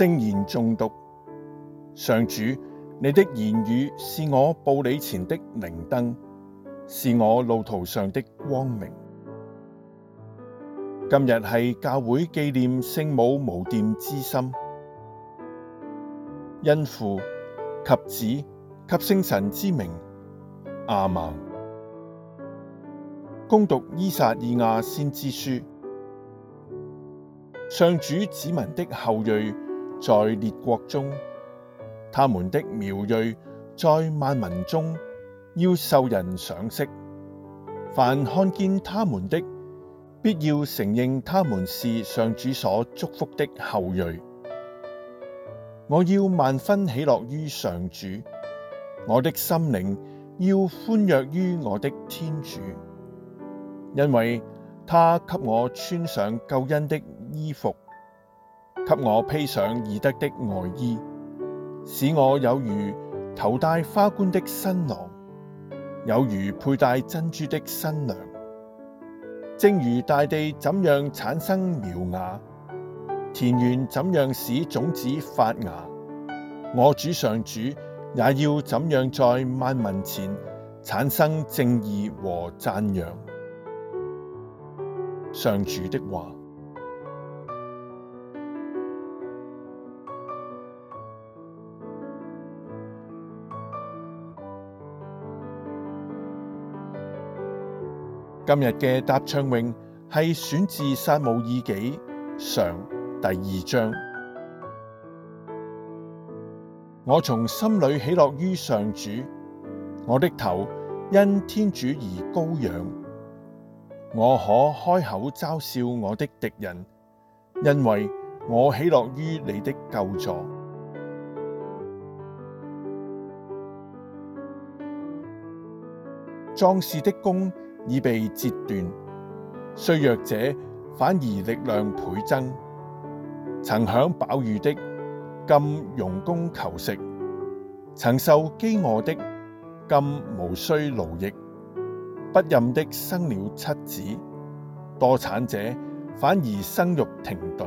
聖言誦讀，上主，你的言語是我步履前的明燈，是我路途上的光明。今日係教會紀念聖母無玷之心，因父及子及聖神之名。阿門。恭讀依撒意亞先知書，上主子民的後裔。在列國中，他們的苗裔在萬民中要受人賞識；凡看見他們的，必要承認他們是上主所祝福的後裔。我要萬分喜樂於上主，我的心靈要歡躍於我的天主，因為他給我穿上救恩的衣服。給我披上義德的外衣，使我有如頭戴花冠的新郎，有如佩戴珍珠的新娘。正如大地怎樣產生苗芽，田園怎樣使種子發芽，我主上主也要怎樣在萬民前產生正義和讚揚。—上主的話。今日嘅答唱詠，係選自《撒慕爾紀上》第二章。我從心裏喜樂於上主，我的頭因天主而高仰。我可開口嘲笑我的敵人，因為我喜樂於你的救助。壯士的弓。已被折斷，衰弱者反而力量倍增。曾享飽飫的，今傭工求食；曾受饑餓的，今無需勞役。不妊的生了七子，多產者反而生育停頓。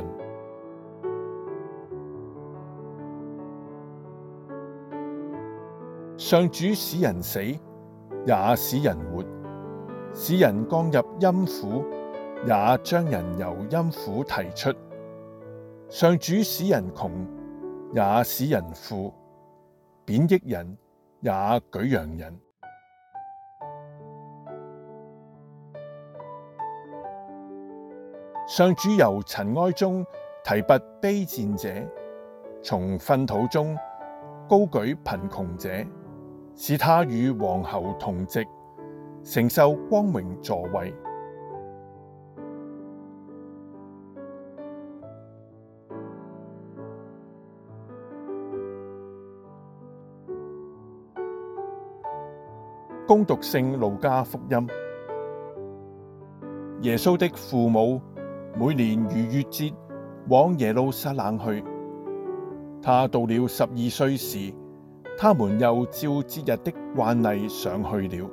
上主使人死，也使人活。使人降入陰府，也將人由陰府提出；上主使人窮，也使人富；貶抑人，也舉揚人。上主由塵埃中提拔卑賤者，從糞土中高舉貧窮者，使他與王侯同席。承受光榮座位。恭讀聖路加福音，耶穌的父母每年逾越節往耶路撒冷去。他到了十二歲時，他們又照節日的慣例上去了。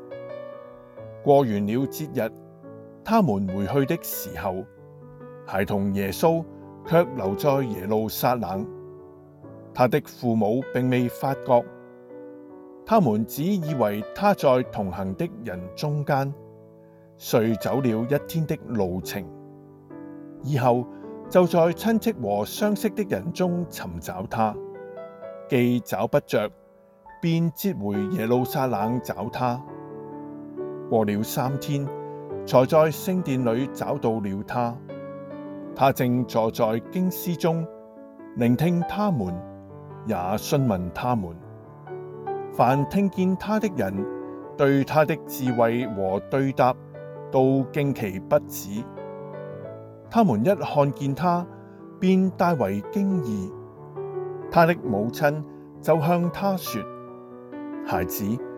過完了節日，他們回去的時候，孩童耶穌卻留在耶路撒冷。他的父母並未發覺，他們只以為他在同行的人中間，遂走了一天的路程。以後，就在親戚和相識的人中尋找他，既找不著，便折回耶路撒冷找他。過了三天，才在聖殿裏找到了他。他正坐在經師中，聆聽他們，也詢問他們。凡聽見他的人，對他的智慧和對答都驚奇不止。他們一看見他，便大為驚異。他的母親就向他說：孩子。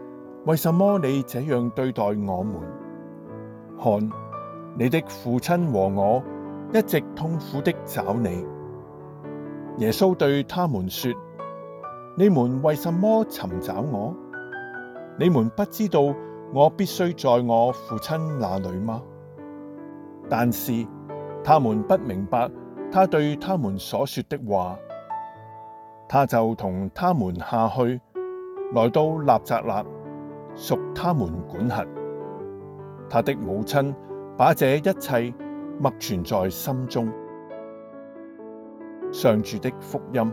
為什麼你這樣對待我們？看，你的父親和我一直痛苦的找你。耶穌對他們說：你們為什麼尋找我？你們不知道我必須在我父親那裏嗎？但是他們不明白他對他們所說的話。他就同他們下去，來到納匝肋。屬他們管轄。他的母親把這一切默存在心中。上主的福音。